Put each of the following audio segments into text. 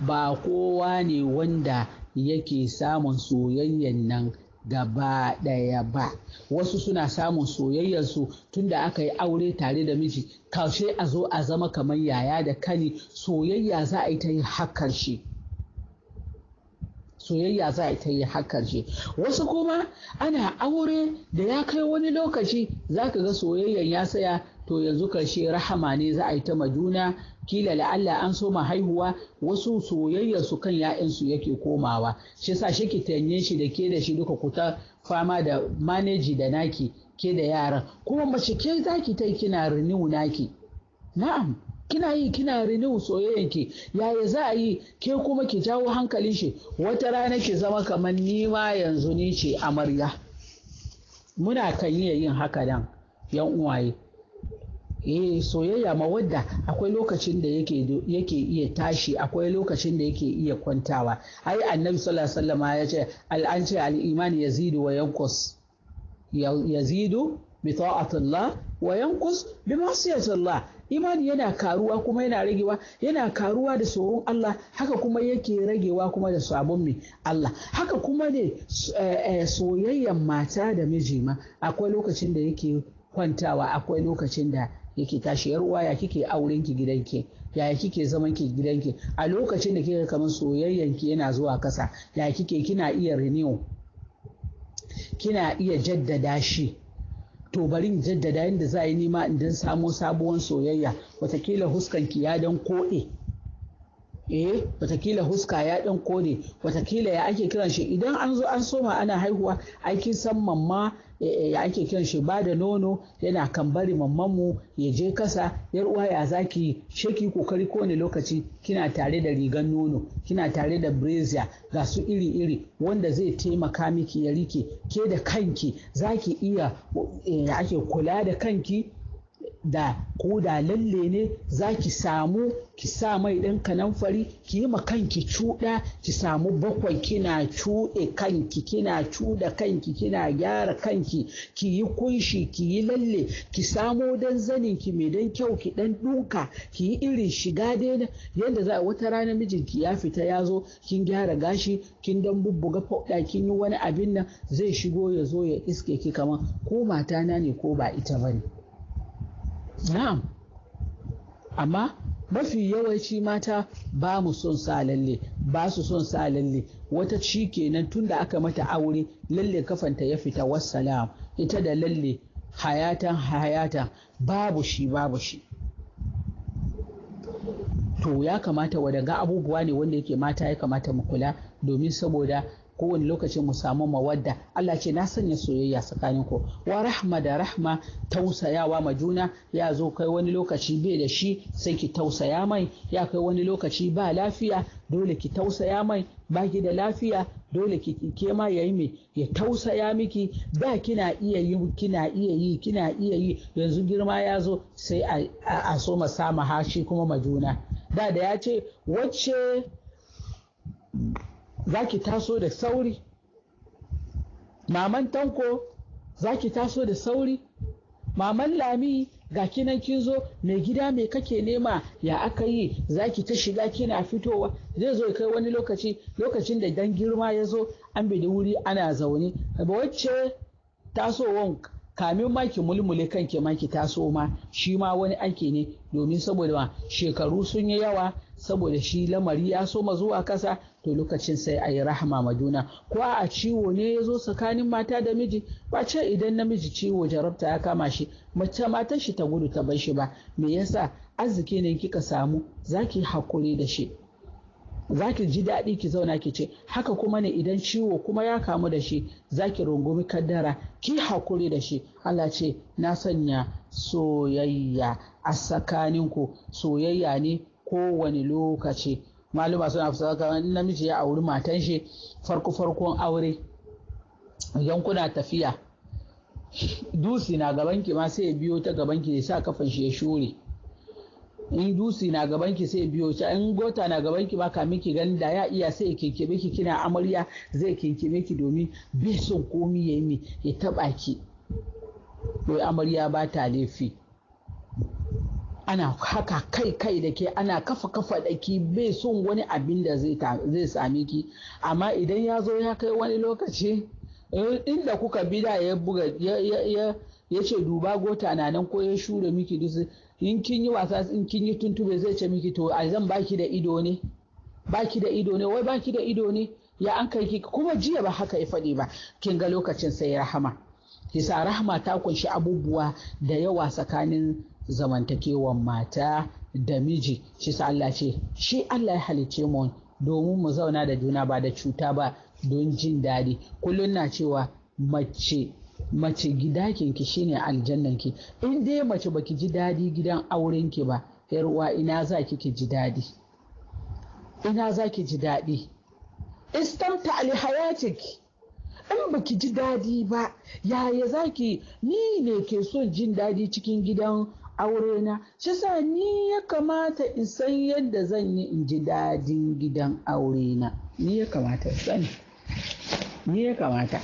ba kowa ne wanda yake samun soyayyan nan gaba ɗaya ba wasu suna samun soyayyarsu tunda aka yi aure tare da miji kaushe a zo a zama kamar yaya da kani soyayya za a yi ta yi hakkar shi soyayya za a ta yi hakan shi wasu kuma ana aure da ya kai wani lokaci za ka ga soyayyan ya saya to yanzu karshe rahama ne za a yi ta majuna kila la'alla an soma haihuwa wasu soyayyar su kan ya'yansu yake komawa shi sa shi ki tanye shi da ke da shi duka ku ta fama da maneji da naki ke da yaran kuma mace ke zaki ta kina renew naki na'am kina yi kina renew ki yaya za a yi ke kuma ki jawo hankalin shi wata rana ki zama kamar nima yanzu ni ce amarya muna kan iya yin haka nan yan uwaye eh soyayya ma wadda akwai lokacin da yake iya tashi akwai lokacin da yake iya kwantawa ai annabi sallallahu alaihi wasallam ya ce al an ce al imani yazidu wa yanqus yazidu bi ta'atillah wa yanqus bi ma'siyatillah imani yana karuwa kuma yana ragewa yana karuwa da tsoron Allah haka kuma yake ragewa kuma da sabon mai Allah haka kuma ne eh, eh, soyayyan mata da miji ma akwai lokacin da yake kwantawa akwai lokacin da yake tashi yar uwa ya kike auren ki gidanki ya kike zaman ki gidanki a lokacin da kika kamar soyayyan ki yana zuwa kasa ya kike kina iya renew kina iya jaddada shi to bari in jaddada yadda za yi nima in dan samo sabuwar soyayya watakila huskan ki ya dan koɗe eh watakila huska ya dan koɗe watakila ya ake kiran shi idan an zo an soma ana haihuwa ai kin san mamma ya eh, ake kiran shi ba da nono yana kan bari mu, ya je kasa yar uwa ya zaki sheki kokari kowane lokaci kina tare da rigan nono kina tare da brazier ga su iri iri wanda zai taimaka miki ya rike ke da kanki zaki iya ya eh, ake kula da kanki da ko da lalle ne za ki samu ki sa mai ɗin kanamfari ki yi kanki cuɗa ki samu bakwai kina cuɗe kanki kina cuɗa kanki kina gyara kanki ki yi kunshi ki yi lalle ki samo dan zanin ki mai dan kyau ki dan duka ki yi irin shiga daina yadda za wata rana mijinki ya fita ya zo kin gyara gashi kin dan bubbuga fauɗa kin yi wani abin nan zai shigo ya zo ya iske ki kaman ko mata na ne ko ba ita bane. na'am amma mafi yawanci mata ba mu son sa lalle ba su son sa lalle wata ci kenan da aka mata aure lalle kafanta ya fita wassalam ita da lalle hayatan hayata babu shi babu shi to ya kamata wadanga abubuwa ne wanda yake mata ya kamata mu kula domin saboda kowane lokaci mu samu mawadda Allah ce na sanya soyayya tsakanin ku wa rahma da rahma tausayawa ma juna ya zo kai wani lokaci bai da shi sai ki tausaya mai ya kai wani lokaci ba lafiya dole ki tausaya mai ba ki da lafiya dole ki ke ma yayi me ya tausaya miki Ba kina iya yi kina iya yi kina iya yi yanzu girma ya zo sai a so ma sama hashi kuma ma juna da da ya ce wacce za ki taso da sauri maman tanko za ki taso da sauri maman lami ga kinan kin zo mai gida mai kake nema ya aka yi za ki ta shiga kina fitowa zai zo kai wani lokaci lokacin da dan girma ya zo an bai da wuri ana zaune wacce tasowan kamin maki ki mulmule kanki ma ki taso ma shi ma wani aiki ne domin saboda ma shekaru sun yi yawa saboda shi lamari ya soma zuwa kasa to lokacin sai a yi rahama ma juna ko a ciwo ne ya zo tsakanin mata da miji ba ce idan namiji ciwo jarabta ya kama shi mace matar shi ta gudu ta bar shi ba me yasa arziki ne kika samu zaki hakuri da shi za ji daɗi ki zauna ki ce haka kuma ne idan ciwo kuma ya kamu da shi zaki rungumi kaddara ki hakuri da shi Allah ce na sanya soyayya a tsakaninku soyayya ne kowane lokaci maluma suna fasaka in namiji ya auri matan shi farko farkon aure yankuna tafiya dusi na gabanki ma sai ya biyo ta gabanki ya sa kafan shi ya shure in dusi na gabanki sai biyo ta in gota na gabanki ba ka ki gani da ya iya sai kinkime ki kina amarya zai kinkime ki domin bai son komi ya yi ya taba ki to amarya ba ta laifi ana haka kai kai da ke ana kafa kafa da ke bai son wani abin da zai sami ki amma idan ya zo ya kai wani lokaci eh, inda kuka bida ya buga ya ce duba gota na nan ko ya shura miki dusu in kin yi wasa in kin yi tuntube zai ce miki to a zan baki da ido ne baki da ido ne wai baki da ido ne ya an kai kuma jiya ba haka ya faɗi ba kin ga lokacin sai rahama kisa rahama ta kunshi abubuwa da yawa tsakanin zamantakewan mata da miji shi sa Allah ce shi Allah ya halicce mu domin mu zauna da juna ba da cuta ba don jin daɗi kullum na cewa mace mace gidakinki shine aljannan ki. in dai mace baki ji daɗi gidan aurenki ba yar uwa ina za ki ji daɗi ina za ki ji daɗi istamta alihayatik in baki ji daɗi ba yaya za ki ni ne ke son jin daɗi cikin gidan Aurena shi sa ni ya kamata in san yadda zan yi in ji dadin gidan aurena, ni ya kamata sani ni ya kamata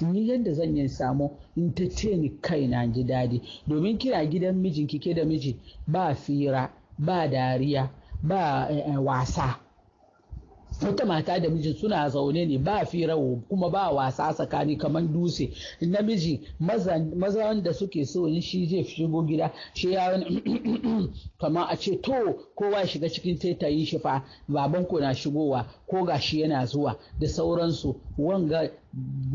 ni yadda zan yi samu in ta ce ni kaina ji dadi domin kina gidan mijin kike da miji ba fira ba dariya ba eh, eh, wasa wata mata da mijin suna zaune ne ba firawo kuma ba wasa tsakani kamar dutse namiji maza da suke so in shi zai shigo gida shi ya kamar a ce to kowa shiga cikin sai ta yi shi fa babanku na shigowa ko gashi yana zuwa da sauransu wanga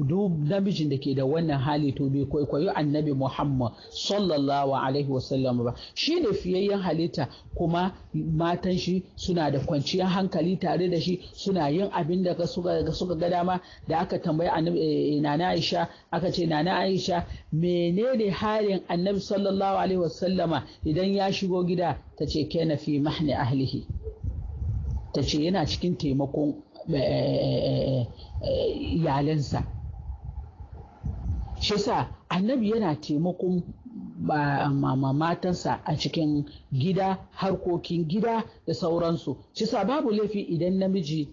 duk namijin da ke da wannan hali to bai kwaikwayo annabi Muhammad sallallahu alaihi wasallam ba shi ne fiyayyen halitta kuma matan shi suna da kwanciyar hankali tare da shi suna yin abin da suka ga dama da aka tambayi annabi eh, nana Aisha aka ce nana Aisha menene halin annabi sallallahu alaihi wasallama idan ya shigo gida ta ce kana fi mahni ahlihi ta ce yana cikin taimakon Eh, eh, eh, iyalansa shi sa annabi yana taimakon matansa a cikin gida harkokin gida da sauransu shi sa babu laifi idan namiji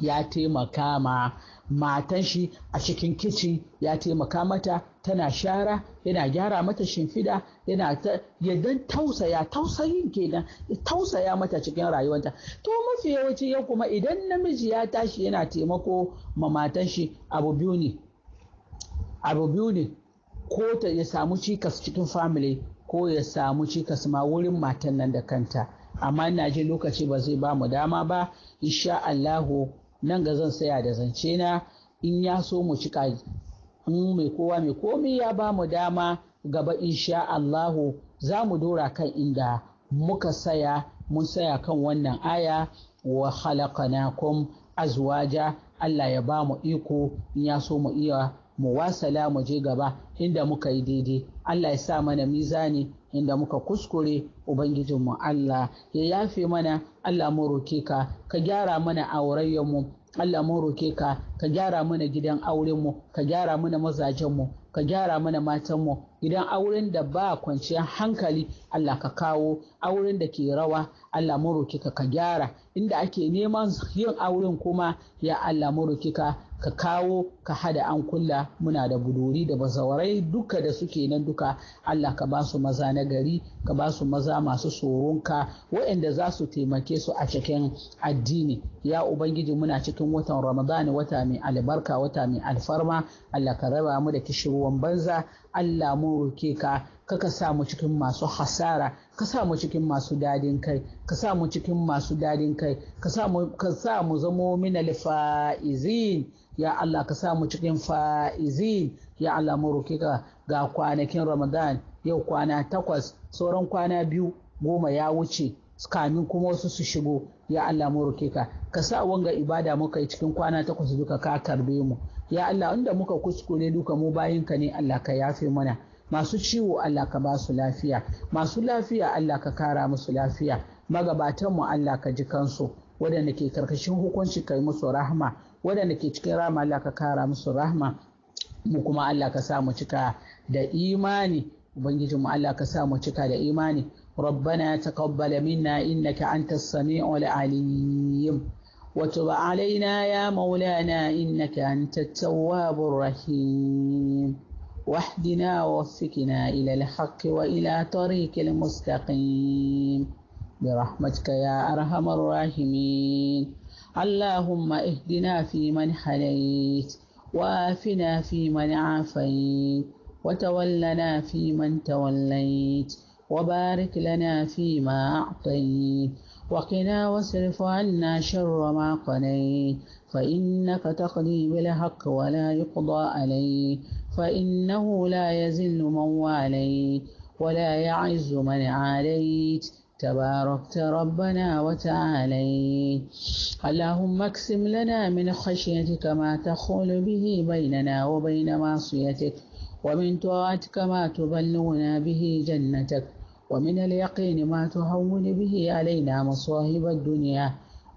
ya taimaka ma matan shi a cikin kicin ya taimaka mata tana shara yana gyara mata shimfida yana ta yadan tausaya tausayin kenan tausaya mata cikin rayuwarta to mafi yawanci yau kuma idan namiji ya tashi yana taimako ma matan shi abu biyu ne abu biyu ne ko ta ya samu cikas cikin family ko ya samu cikas ma wurin matan nan da kanta amma ina ji lokaci ba zai ba mu dama ba insha Allahu nan ga zan saya da zance na in ya so mu cika in mai kowa mai komi ya ba mu dama gaba insha Allahu za mu dora kan inda muka saya mun saya kan wannan aya wa khalaqnakum azwaja Allah ya ba mu iko in ya so mu iya mu wasala mu je gaba inda muka yi daidai Allah ya sa mana mizani inda muka kuskure ubangijinmu Allah ya yafe mana Allah mu roke ka ka gyara mana aurayyanmu Allah mun roke ka ka gyara mana gidan aurenmu ka gyara mana mazajenmu ka gyara mana matanmu gidan auren da ba kwanciyar hankali Allah ka kawo auren da ke rawa Allah mun roke ka ka gyara inda ake neman yin auren kuma ya Allah mun roke ka ka kawo ka hada an kulla muna da buduri da bazawarai duka da suke nan duka Allah ka ba su maza na gari ka ba su maza masu tsoronka waɗanda za su taimake su a cikin addini ya ubangiji muna cikin watan ramadani wata mai albarka wata mai alfarma Allah ka raba mu da kishirwan banza Allah mun roke ka kaka sa mu cikin masu hasara ka sa mu cikin masu dadin kai ka sa mu cikin masu dadin kai ka sa mu zamo mina lifa'izin ya Allah ka sa mu cikin fa'izin ya Allah mu ka ga kwanakin Ramadan yau kwana takwas sauran kwana biyu goma ya wuce kamin kuma wasu su shigo ya Allah mu ka ka sa wanga ibada muka yi cikin kwana takwas duka ka karbe mu ya Allah inda muka kuskure duka mu bayinka ne Allah ka yafe mana masu ciwo Allah ka ba su lafiya masu lafiya Allah ka kara musu lafiya magabatanmu Allah ka ji kansu waɗanda ke karkashin hukunci kai musu rahma? waɗanda ke cikin rahama Allah ka kara musu rahma mu kuma Allah ka sa mu cika da imani ubangiji mu Allah ka sa mu cika da imani ربنا تقبل منا إنك أنت السميع العليم وتب علينا يا مولانا إنك أنت التواب الرحيم واحدنا ووفقنا إلى الحق وإلى طريق المستقيم برحمتك يا أرحم الراحمين اللهم اهدنا فيمن حليت وافنا فيمن عافيت وتولنا فيمن توليت وبارك لنا فيما أعطيت وقنا واصرف عنا شر ما قنيت فإنك تقضي بالحق ولا يقضى عليه فإنه لا يزل من واليت ولا يعز من عاليت تباركت ربنا وتعاليت اللهم اقسم لنا من خشيتك ما تخول به بيننا وبين معصيتك ومن طاعتك ما تبلغنا به جنتك ومن اليقين ما تهون به علينا مصاهب الدنيا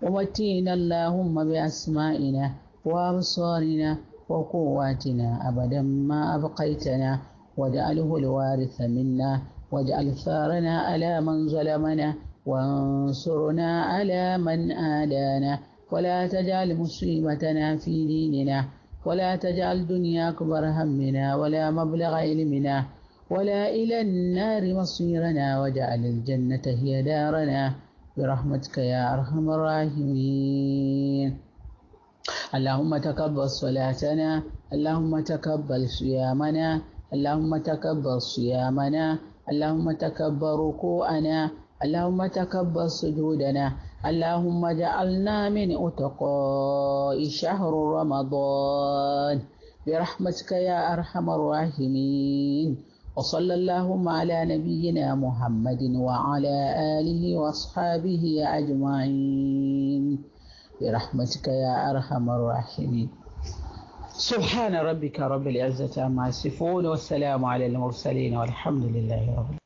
ومتينا اللهم بأسمائنا وأبصارنا وقواتنا أبدا ما أبقيتنا واجعله الوارث منا واجعل ثارنا على من ظلمنا وانصرنا على من آدانا ولا تجعل مصيبتنا في ديننا ولا تجعل دنيا أكبر همنا ولا مبلغ علمنا ولا إلى النار مصيرنا واجعل الجنة هي دارنا برحمتك يا أرحم الراحمين اللهم تقبل صلاتنا اللهم تقبل صيامنا اللهم تقبل صيامنا اللهم تكبر ركوعنا اللهم تكبر سجودنا اللهم جعلنا من أتقاء شهر رمضان برحمتك يا أرحم الراحمين وصلى اللهم على نبينا محمد وعلى آله وأصحابه أجمعين برحمتك يا أرحم الراحمين سبحان ربك رب العزة عما يصفون والسلام على المرسلين والحمد لله رب العالمين